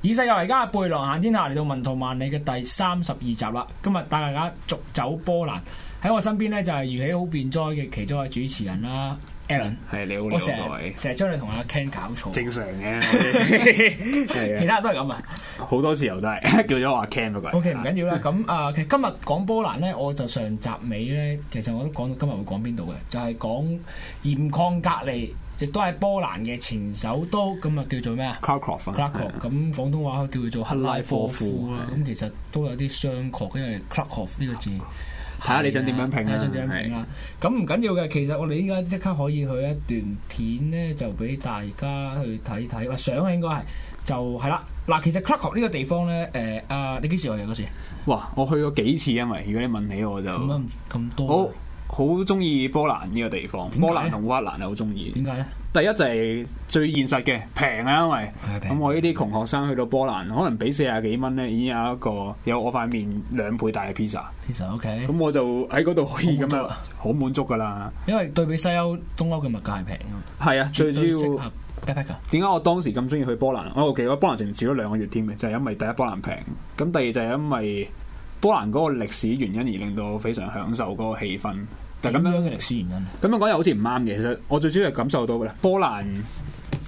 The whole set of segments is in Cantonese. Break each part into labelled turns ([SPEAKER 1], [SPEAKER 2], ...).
[SPEAKER 1] 以世界為家背囊行天下嚟到文圖萬里嘅第三十二集啦，今日帶大家逐走波蘭。喺我身邊咧就係如起好變災嘅其中一個主持人啦，Alan。係 你好，我成日成日將你同阿 Ken 搞錯。正常嘅，
[SPEAKER 2] 係 其他都係咁啊，好 多時候都係 叫咗阿 Ken 嗰個。O K 唔
[SPEAKER 1] 緊要啦，咁啊， uh, 其實今日講波蘭咧，我就上集尾咧，其實我都講到今日會講邊度嘅，就係講鹽礦隔離。亦都係波蘭嘅前首都，咁啊叫做咩啊？克拉科夫。克拉科，咁廣東話叫佢做克拉科夫啦。咁其實都有啲商榷嘅，克拉科夫呢個字。睇下你想點樣拼啦。咁唔的緊要嘅，其實我哋依家即刻可以去一段片咧，就俾大家去睇睇。喂、啊，相啊應該係
[SPEAKER 2] 就係啦。嗱，其實克拉科呢個地方咧，誒、呃、啊，你幾時去嘅嗰時？哇，我去過幾次因為，如果你問起我就咁、嗯、多。哦好中意波蘭呢個地方，波蘭同烏克蘭係好中意。點解咧？第一就係最現實嘅平啊，因為咁我呢啲窮學生去到波蘭，可能俾四十幾蚊咧已經有一個有我塊面兩倍大嘅 pizza。pizza OK。咁我就喺嗰度可以咁樣好滿足噶、啊、啦。因為對比西歐
[SPEAKER 1] 東歐嘅物價係平啊。係
[SPEAKER 2] 啊，最主要。點解我當時咁中意去波蘭？我好奇，波蘭仲住咗兩個月添嘅，就係、是、因為第一波蘭平，咁第二就係因為。波蘭嗰個歷史原因而令到非常享受嗰個氣氛，但係咁樣嘅歷史原因。咁樣講又好似唔啱嘅。其實我最主要係感受到嘅，波蘭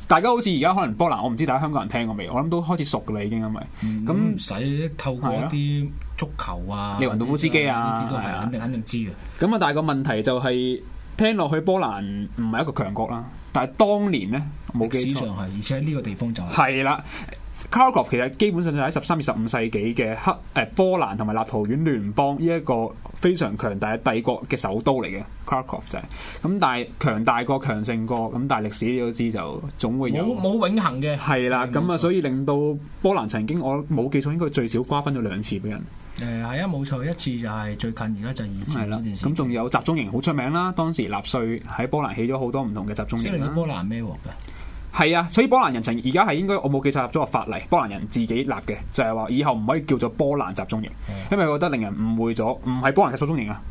[SPEAKER 2] 大家好似而家可能波蘭，我唔知大家香港人聽過未？我諗都開始熟噶啦，已經因為咁唔使透過一啲足球啊，利雲度夫斯基啊呢啲、啊、都係，肯定肯定知嘅。咁啊，但係個問題就係、是、聽落去波蘭唔係一個強國啦。但係當年呢，咧，歷史上係，而且喺呢個地方就係、是、啦。克拉科夫其實基本上就喺十三至十五世紀嘅黑誒、呃、波蘭同埋立陶宛聯邦呢一個非常強大嘅帝國嘅首都嚟嘅，克拉科夫就係、是、咁但係強大過強盛過，咁但係歷史都知就總會有冇永恆嘅係啦，咁啊的的所以令到波蘭曾經我冇記錯應該最少瓜分咗兩次俾人誒係啊冇錯一次就係最近而家就二次啦，咁仲有集中營好出名啦，當時納粹喺波蘭起咗好多唔同嘅集中營，波
[SPEAKER 1] 蘭孭鑊嘅？
[SPEAKER 2] 係 啊，所以波蘭人情而家係應該我冇記錯，立咗個法例，波蘭人自己立嘅，就係、是、話以後唔可以叫做波蘭集中營，的因為覺得令人誤會咗，唔係波蘭集中營啊，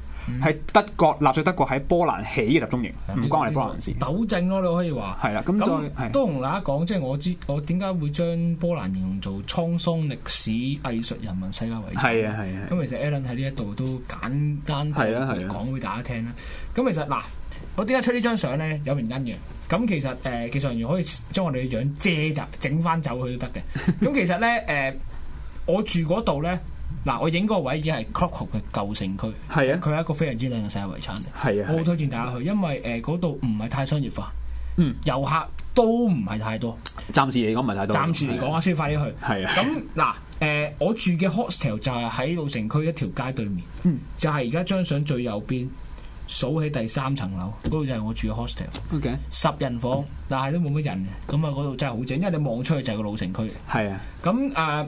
[SPEAKER 2] 係、嗯、德國納粹德國喺波蘭起嘅集中營，唔、嗯、關我哋波蘭人事。糾正咯，你可以話。係啦，咁再都同
[SPEAKER 1] 大家講，即係我知我點解會將波蘭形容做滄桑歷史藝術人文世界遺產。係啊係啊。咁的其實 Allen 喺呢一度都簡單講俾大家聽啦。咁其實嗱。我點解出呢張相咧？有原因嘅。咁其實誒，技術人員可以將我哋嘅樣遮就整翻走佢都得嘅。咁其實咧誒，我住嗰度咧，嗱我影嗰個位已經係克拉科夫嘅舊城區，係啊，佢係一個非常之靚嘅世界遺產。係啊，我好推薦大家去，因為誒嗰度唔係太商業化，嗯，遊客都唔係太多。
[SPEAKER 2] 暫時嚟講唔係太多。暫時嚟講啊，
[SPEAKER 1] 需要快啲去。係啊。咁嗱，誒，我住嘅 hostel 就係喺老城區一條街對面，就係而家張相最右邊。數起第三層樓，嗰度就係我住嘅 hostel，Okay. 十人房，但係都冇乜人嘅，咁啊嗰度真係好正，因為你望出去就係個老城區。係啊，咁誒、呃、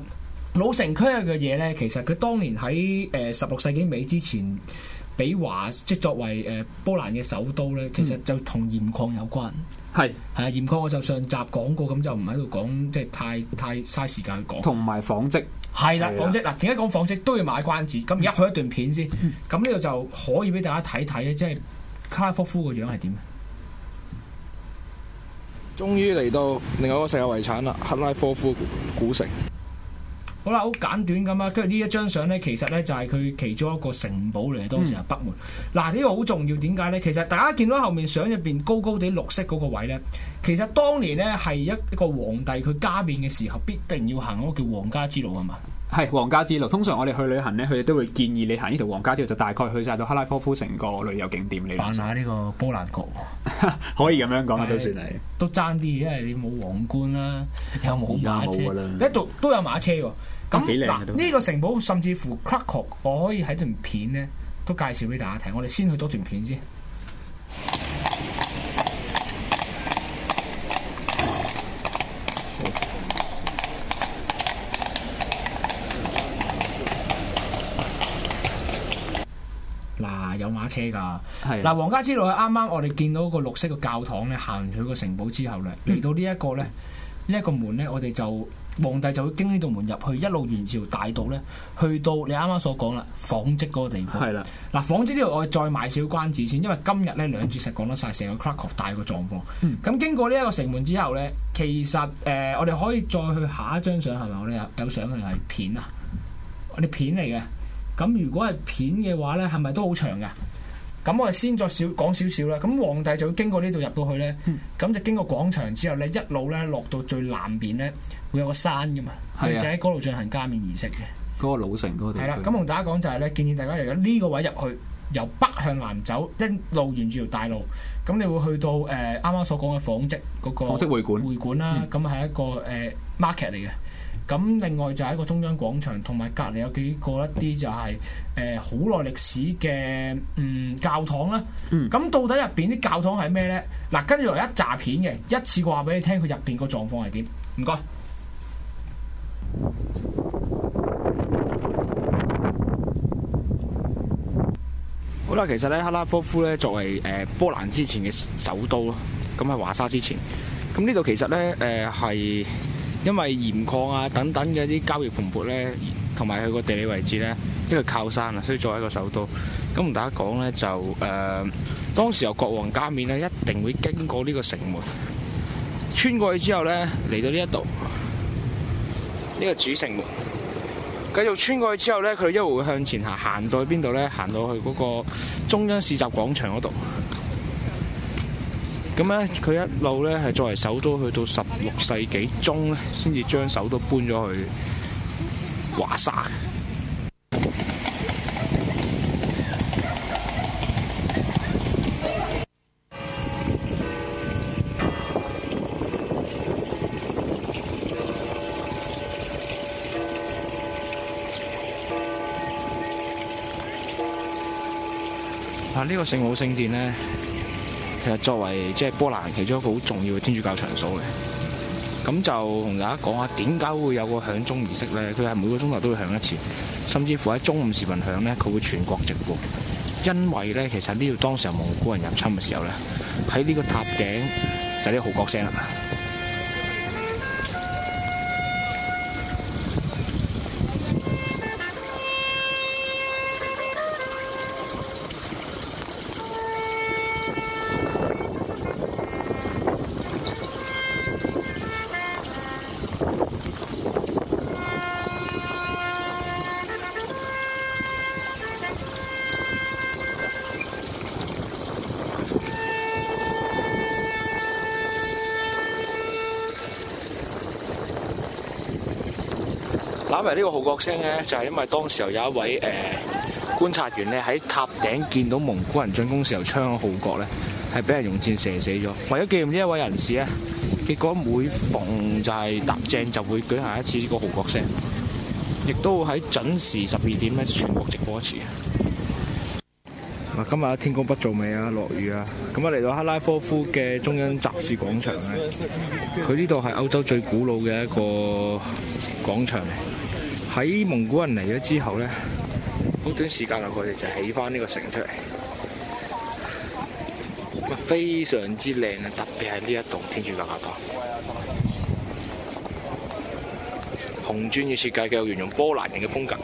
[SPEAKER 1] 老城區嘅嘢咧，其實佢當年喺誒十六世紀尾之前，比華即作為誒、呃、波蘭嘅首都咧，其實就同鹽礦有關。係係是啊，鹽礦我就上集講過，咁就唔喺度講，即係太太嘥時間去講。同埋紡織。係啦，仿製嗱，點解講仿製都要買關子？咁而家去一段片先，咁呢度就可以俾大家睇睇咧，即係克拉科夫個樣係點。終於嚟到另外一個世界遺產啦，克拉科夫古城。好啦，好簡短咁啊。跟住呢一張相咧，其實咧就係佢其中一個城堡嚟，當時係北門。嗱、嗯，呢、呢個好重要，點解咧？其實大家見到後面相入邊高高地綠色嗰個位咧，其實當年咧係一個皇帝佢加冕嘅時候必
[SPEAKER 2] 定要行嗰個叫皇家之路，係嘛？係皇家之路，通常我哋去旅行咧，佢哋都會建議你行呢條皇家之路，就大概去晒到克拉科夫城個旅遊景點。你玩下呢個波蘭國， 可以咁樣講是都算係
[SPEAKER 1] 都爭啲，因為你冇皇冠啦、啊，有冇馬車，一度都有馬車喎。咁呢、這個城堡甚至乎克拉科，我可以喺段片咧都介紹俾大家睇。我哋先去咗段片先。嗱、啊、有馬車㗎，嗱皇、啊、家之路啱啱我哋見到個綠色嘅教堂咧，行完佢個城堡之後咧，嚟、嗯、到呢一個咧，呢、這、一個門咧，我哋就皇帝就會經呢度門入去，一路沿著大道咧，去到你啱啱所講啦，紡織嗰個地方。係啦、嗯啊，嗱紡織呢度我再賣少關子先，因為今日咧兩字石講得晒，成個克 c k 大個狀況。咁、嗯、經過呢一個城門之後咧，其實誒、呃、我哋可以再去下一張相係咪？是是我哋有有相係片啊，我哋片嚟嘅。咁如果係片嘅話咧，係咪都好長噶？咁我哋先再少講少少啦。咁皇帝就會經過呢度入到去咧，咁、嗯、就經過廣場之後咧，一路咧落到最南邊咧，會有個山噶嘛，佢就喺嗰度進行加冕儀式嘅。嗰個老城嗰、嗰個地方。係啦、啊，咁同大家講就係咧，建議大家由呢個位入去，由北向南走，一路沿住條大路，咁你會去到誒啱啱所講嘅紡織嗰、嗰個紡織會館會館啦。咁、嗯、係一個誒 market 嚟嘅。咁另外就一個中央廣場，同埋隔籬有幾個一啲就係誒好耐歷史嘅嗯教堂啦。咁、嗯、到底入邊啲教堂係咩呢？嗱，跟住落一集片嘅，一次話俾你聽佢入邊個狀況係點。唔該。好啦，其實咧哈拉科夫咧作為誒、呃、波蘭之前嘅首都咯，咁喺華沙之前。咁呢度其實咧誒係。呃因為鹽礦啊等等嘅啲交易蓬勃咧，同埋佢個地理位置咧，一個靠山啊，所以作為一個首都。咁同大家講咧，就誒、呃，當時由國王加冕咧，一定會經過呢個城門，穿過去之後咧，嚟到呢一度，呢、這個主城門，繼續穿過去之後咧，佢一路會向前行，行到去邊度咧？行到去嗰個中央市集廣場嗰度。咁咧，佢一路咧係作為首都，去到十六世紀中咧，先至將首都搬咗去華沙。啊，呢個聖母聖殿咧。其實作為即係、就是、波蘭其中一個好重要嘅天主教場所嘅，咁就同大家講下點解會有個響鐘儀式呢，佢係每個鐘頭都會響一次，甚至乎喺中午時分響呢，佢會全國直播。因為呢，其實呢度當時蒙古人入侵嘅時候呢，喺呢個塔頂就呢個號角聲啦。因為呢個號角聲呢，就係、是、因為當時候有一位誒、呃、觀察員呢，喺塔頂見到蒙古人進攻時候，吹個號角呢係俾人用箭射死咗。為咗紀念呢一位人士咧，結果每逢就係踏正就會舉行一次呢個號角聲，亦都喺準時十二點咧全國直播一次。嗱，今日天公不做美啊，落雨啊。咁啊嚟到克拉科夫嘅中央集市廣場呢，佢呢度係歐洲最古老嘅一個廣場嚟。喺蒙古人嚟咗之後咧，好短時間啊！佢哋就起翻呢個城出嚟，非常之靚啊！特別係呢一棟天主教教堂，嗯嗯、紅磚嘅設計嘅，沿用波蘭人嘅風格。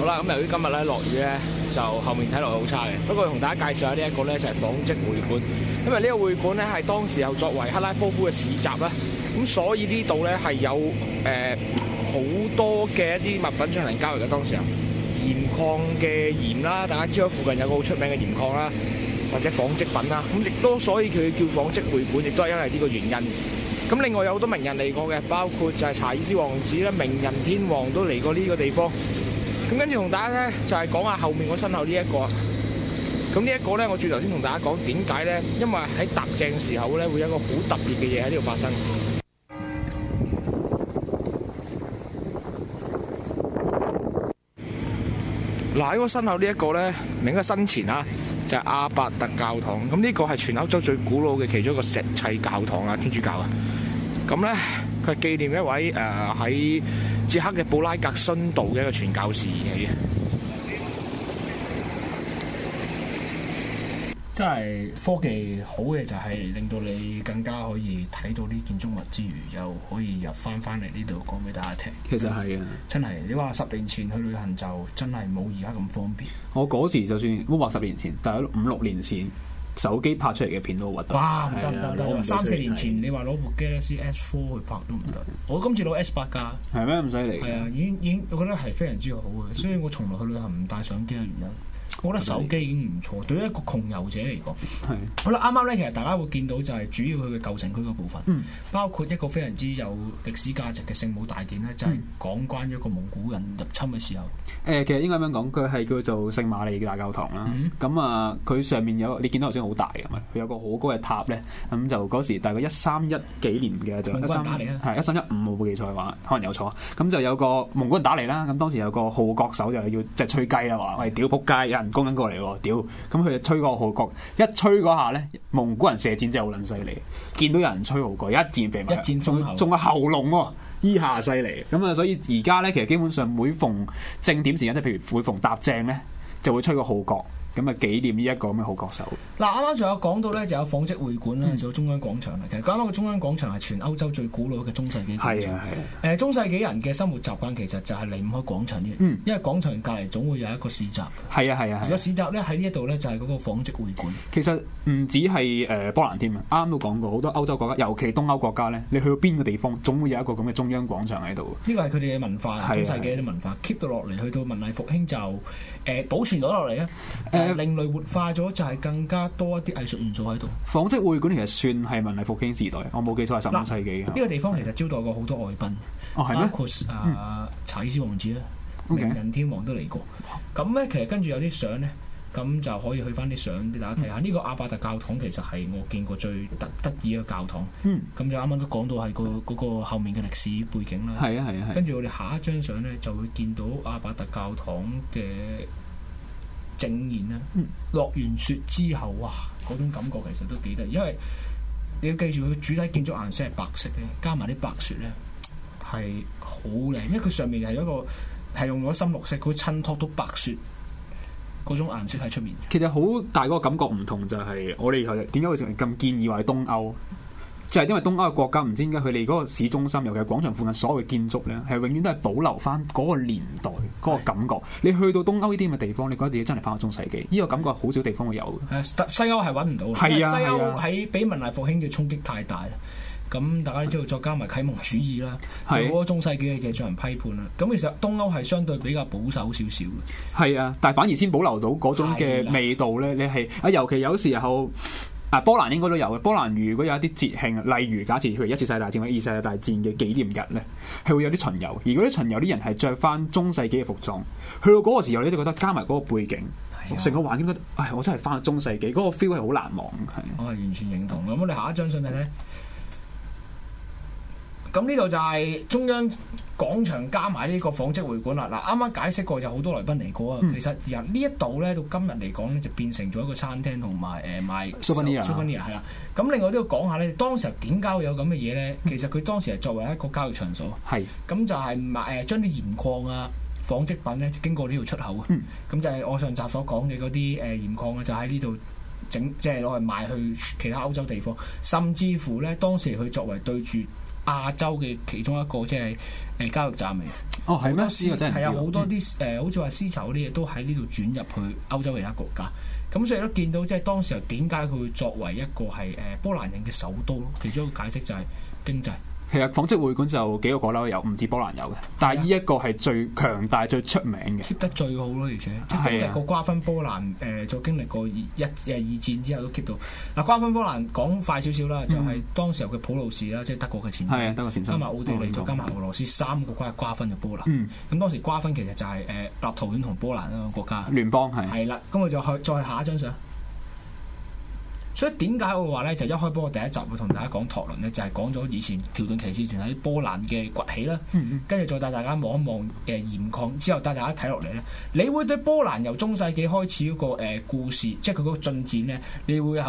[SPEAKER 1] 好啦，咁由於今日咧落雨咧。就後面睇落係好差嘅，不過同大家介紹下呢一個咧就係紡織會館，因為呢個會館咧係當時又作為克拉科夫嘅市集啦，咁所以呢度咧係有誒好、呃、多嘅一啲物品進行交易嘅當時啊，鹽礦嘅鹽啦，大家知道附近有個好出名嘅鹽礦啦，或者紡織品啦，咁亦都所以佢叫紡織會館，亦都係因為呢個原因。咁另外有好多名人嚟過嘅，包括就係查爾斯王子啦、名人天王都嚟過呢個地方。咁跟住同大家咧，就係講下後面我身後呢一個。咁呢一個咧，我轉頭先同大家講點解咧？因為喺踏正嘅時候咧，會有一個好特別嘅嘢喺呢度發生。嗱，喺我身後呢一個咧，另一個身前啊，就係阿伯特教堂。咁呢個係全歐洲最古老嘅其中一個石砌教堂啊，天主教啊。咁咧，佢係紀念一位誒喺。捷克嘅布拉格殉道嘅一個傳教士而起啊！真係科技好嘅就係令到你更加可以睇到呢建築物之餘，又可以入翻翻嚟呢度講俾大家聽。其實係啊、嗯，真係你話十年前去旅行就真係冇而家咁方便。
[SPEAKER 2] 我嗰時就算唔話十年前，但係五六年前。手機拍出嚟嘅片都好核突。哇，唔得唔得唔得！三四年前你
[SPEAKER 1] 話攞部 Galaxy S four 去拍都唔得。的我今次攞 S 八㗎。
[SPEAKER 2] 係咩咁犀利？
[SPEAKER 1] 係啊，已經已經，我覺得係非常之好嘅。所以我從來去旅行唔帶相機嘅原因。嗯我覺得手機已經唔錯，對於一個窮遊者嚟講，
[SPEAKER 2] 係
[SPEAKER 1] 是好啦。啱啱咧，其實大家會見到就係主要佢嘅舊城區個部分，嗯、包括一個非常之有歷史價值嘅聖母大殿咧，就係、是、講關咗個蒙古人入侵嘅時候。誒、
[SPEAKER 2] 嗯，其實應該咁樣講，佢係叫做聖瑪利大教堂啦。咁啊、嗯，佢、嗯、上面有你見到頭先好大嘅，嘛，佢有個好高嘅塔咧。咁就嗰時大概一三一幾年嘅，就打嚟係一三一五冇記錯嘅話，可能有錯。咁就有個蒙古人打嚟啦。咁當時有個號角手就係要即係、就是、吹雞啦，話，喂屌仆街人攻緊過嚟喎，屌！咁佢就吹個號角，一吹嗰下咧，蒙古人射箭真係好撚犀利，見到有人吹號角，一箭射埋，一箭中中個喉嚨喎，依 下犀利。咁啊、嗯，所以而家咧，其實基本上每逢正點時間，即係譬如每逢搭正咧，就會吹個號角。咁啊紀念呢一個咁嘅好角手。
[SPEAKER 1] 嗱，啱啱仲有講到咧，就有紡織會館啦，仲、嗯、有中央廣場其實，啱啱個中央廣場係全歐洲最古老嘅中世紀廣場。係啊係啊。呃、中世紀人嘅生活習慣其實就係離唔開廣場嘅。嗯、因為廣場隔離總會有一個市集。係啊係啊。而個市集咧喺呢一度咧就係嗰個紡織會館。
[SPEAKER 2] 其實唔止係誒波蘭添啊，啱啱都講過好多歐洲國家，尤其東歐國家咧，你去到邊個地方總會有一個咁嘅中央廣場喺度。
[SPEAKER 1] 呢個係佢哋嘅文化，中世紀嘅文化 keep 到落嚟，去到文藝復興就誒、呃、保存咗落嚟啊。呃嗯令類活化咗，就係、是、更加多一啲藝術元素喺度。
[SPEAKER 2] 紡織會館其實算係文藝復興時代，我冇記錯係十五世紀。呢、啊這個
[SPEAKER 1] 地方其實招待過好多外賓，哦、包括、嗯、啊查理斯王子啊、Okay. 名人天王都嚟過。咁咧，其實跟住有啲相咧，咁就可以去翻啲相俾大家睇下。呢、嗯、個阿伯特教堂其實係我見過最得得意嘅教堂。嗯，咁就啱啱都講到係、那個嗰、那個後面嘅歷史背景啦。係啊係啊係。跟住我哋下一張相咧，就會見到阿伯特教堂嘅。正然，咧，落完雪之後，哇，嗰種感覺其實都幾得意，因為你要記住佢主體建築顏色係白色咧，加埋啲白雪咧係好靚，因為佢
[SPEAKER 2] 上面係一個係用咗深綠色，佢會襯托到白雪嗰種顏色喺出面。其實好大嗰個感覺唔同就係我哋係點解會成日咁建議話東歐。就係因為東歐嘅國家唔知點解佢哋嗰個市中心，尤其係廣場附近所有嘅建築咧，係永遠都係保留翻嗰個年代嗰、嗰個感覺。你去到東歐呢啲咁嘅地方，你覺得自己真係翻咗中世紀，呢、呢個感覺好少地方會有。
[SPEAKER 1] 西歐係揾唔到嘅，因為西歐喺俾文藝復興嘅衝擊太大啦。咁、啊啊、大家都知道再加埋啟蒙主義啦，對好多中世紀嘅嘢進行批判啦。咁其實東歐係相對比較保守少少嘅。
[SPEAKER 2] 係啊，但係反而先保留到嗰種嘅味道咧。你係啊，尤其有時候。啊，波蘭應該都有嘅。波蘭如果有一啲節慶，例如假設譬如一次世界大戰或者二世界大戰嘅紀念日咧，係會有啲巡遊。而嗰啲巡遊啲人係着翻中世紀嘅服裝，去到嗰個時候你就覺得加埋嗰個背景，成、啊、個環境覺得，唉，我真係翻到中世紀，嗰、那個 feel 係好難忘嘅。我係完
[SPEAKER 1] 全認同。咁你下一張相嚟睇。咁呢度就係中央廣場加埋呢個紡織會館啦。嗱，啱啱解釋過就好多來賓嚟過啊。嗯、其實由呢一度咧到今日嚟講咧，就變成咗一個餐廳同埋誒賣。Souvenir 係啦。咁另外都要講下咧，當時點解會有咁嘅嘢咧？嗯、其實佢當時係作為一個交易場所。係是。咁就係賣誒將啲鹽礦啊、紡織品咧，經過呢度出口啊。嗯。咁就係我上集所講嘅嗰啲誒鹽礦啊，就喺呢度整，即係攞嚟賣去其他歐洲地方，甚至乎咧當時佢作為對住。亞洲嘅其中一個即係誒交易站嚟嘅，哦係咩？絲係有好多啲誒，好似話絲綢啲嘢都喺呢度轉入去歐洲其他國家，咁所以都見到即係、就是、當時又點解佢會作為一個係誒、呃、波蘭人嘅首都咯？其中一個解釋就係經濟。
[SPEAKER 2] 其實紡織會館就幾個國樓有，唔止波蘭有嘅，但係呢一個係最強大、最出名嘅，keep 得最好咯。而且即係個
[SPEAKER 1] 瓜分波蘭，誒，就經歷過一誒二戰之後都 keep 到。嗱，瓜分波蘭講快少少啦，就係當時候嘅普魯士啦，即係德國嘅前身，加埋奧地利，再加埋俄羅斯，三個瓜瓜分嘅波蘭。咁當時瓜分其實就係誒立陶宛同波蘭兩個國家聯邦係。係啦，咁我就再下一張相。所以點解我話咧，就一開波第一集會同大家講托倫呢，就係、是、講咗以前條頓騎士團喺波蘭嘅崛起啦。跟住、嗯、再帶大家望一望誒鹽礦，之後帶大家睇落嚟咧，你會對波蘭由中世紀開始嗰個、呃、故事，即係佢個進展咧，你會有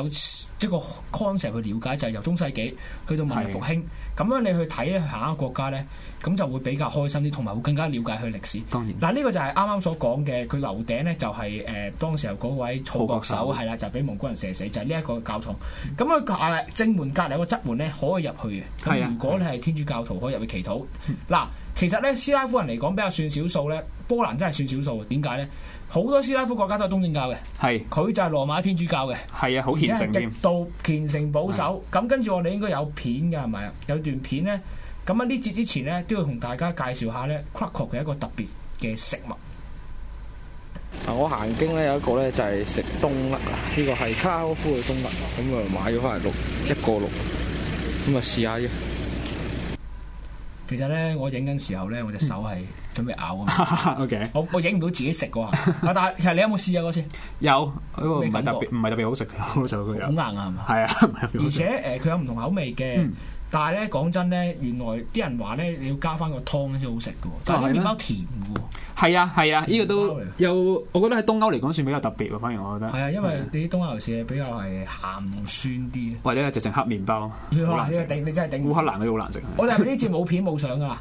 [SPEAKER 1] 一個 concept 去了解，就係、是、由中世紀去到文藝復興。咁的樣你去睇下一個國家咧，咁就會比較開心啲，同埋會更加了解佢歷史。當然。嗱呢、啊這個就係啱啱所講嘅，佢樓頂咧就係、是、誒、呃、當時候嗰位吹號手係啦、嗯，就俾、是、蒙古人射死，就係呢一個。教堂，咁佢隔正門隔籬有個側門咧，可以入去嘅，如果你係天主教徒可以入去祈禱。嗱，其實咧斯拉夫人嚟講比較算少數咧，波蘭真係算少數嘅。點解咧？好多斯拉夫國家都係東正教嘅，係佢是就係羅馬天主教嘅，係啊，好虔誠嘅，到虔誠保守。咁、啊、跟住我哋應該有片噶，係咪？有段片咧，咁喺呢節之前咧都要同大家介紹下咧，Krakow 嘅一個特別嘅食物。啊！我行經咧有一個咧就係食冬甩。啊、這個，呢個係卡夫嘅冬甩，咁啊買咗翻嚟六一個六，咁啊試下啫。其實咧我影緊時候咧我隻手係。
[SPEAKER 2] 準備咬啊！O K，我我影唔到自己食過，但係其實你有冇試下嗰次？有，唔係特別，唔係特別好食嘅。好就佢好硬啊，係嘛？係啊，而且
[SPEAKER 1] 誒，佢有唔同口味嘅，但係咧講真咧，原來啲人話咧，你要加翻個湯先好食嘅，但係啲麵包
[SPEAKER 2] 甜嘅。係啊係啊，呢個都又，我覺得喺東歐嚟講算比較特別喎。反而我覺得係啊，因為你啲東歐食係比較係鹹酸啲。或者直情黑麵包，好你
[SPEAKER 1] 真係頂難食，
[SPEAKER 2] 烏克蘭難食好難食。我
[SPEAKER 1] 哋呢次冇片冇相啊。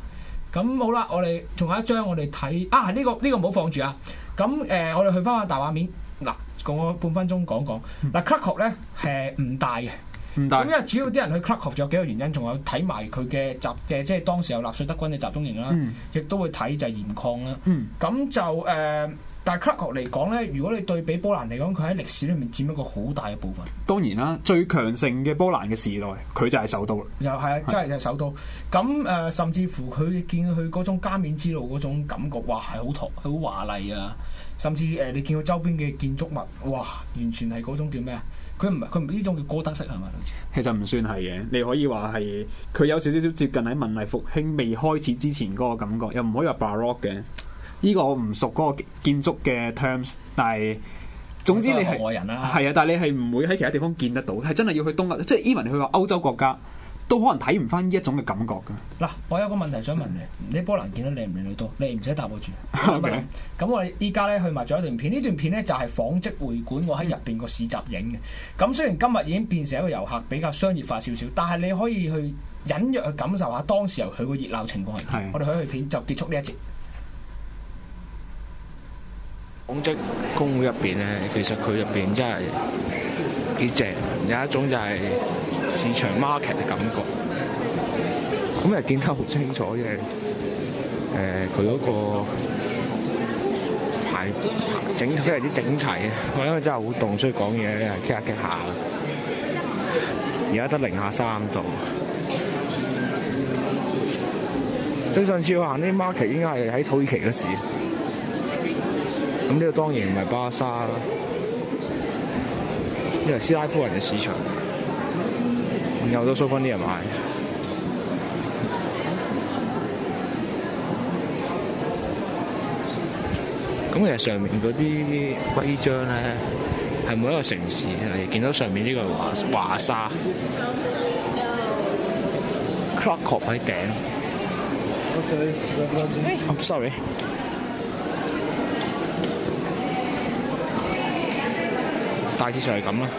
[SPEAKER 1] 咁好啦，我哋仲有一張我、啊這個這個啊呃，我哋睇啊，呢個呢個唔好放住啊。咁誒，我哋去翻下大畫面嗱，講我半分鐘講講嗱 Krakow 咧，係唔大嘅，唔大。咁因為主要啲人去 Krakow 仲有幾個原因，仲有睇埋佢嘅集嘅，即係當時有納粹德軍嘅集中營啦，亦、嗯、都會睇就係鹽礦啦。咁、嗯、就誒。呃但係 c 係克拉科夫嚟講咧，如果你對比波蘭嚟講，佢喺歷史裏面佔一個好大嘅部分。
[SPEAKER 2] 當然啦，最強盛嘅波蘭嘅時代，佢就係首，首都。
[SPEAKER 1] 又係是，真係就首都。咁、呃、誒，甚至乎佢見佢嗰種加冕之路嗰種感覺，哇，係好豪好華麗啊！甚至誒、呃，你見到周邊嘅建築物，哇，完全係嗰種叫咩啊？佢唔係佢唔呢種叫歌德式係咪？
[SPEAKER 2] 其實唔算係嘅，你可以話係佢有少少接近喺文藝復興未開始之前嗰個感覺，又唔可以話 baroque 嘅。呢個我唔熟嗰個建築嘅 terms，但係總之你係外人喇。係啊，但係你係唔會喺其他地方見得到，係真係要去東亞，即係 even 去個歐洲國家，都可能睇唔翻呢一種嘅感覺嘅。
[SPEAKER 1] 嗱，我有個問題想問你，你波蘭見得靚唔靚女多？你唔使答我住。咁 Okay. 我哋依家咧去埋咗一段片，呢段片咧就係紡織會館，我喺入邊個市集影嘅。咁、嗯、雖然今日已經變成一個遊客比較商業化少少，但係你可以去隱約去感受下當時由佢個熱鬧情況嚟睇。的我哋去、去片就結束呢一節。紡織工會入邊咧，其實佢入邊真係幾正，有一種就係市場 market 嘅感覺。咁又見得好清楚嘅，誒、呃，佢嗰個排，排整得非常之整齊。我因為真係好凍，所以講嘢咧係即刻下。而家得零下三度。對上次我行啲 market，應該係喺土耳其嗰時。咁呢個當然唔係巴沙啦，呢個係斯拉夫人嘅市場，然後都收返啲人買。咁其實上面嗰啲徽章咧，係每一個城市嚟，見到上面呢個華沙，Krakow 喺頂。Okay, I'm sorry. 大致上係咁啦。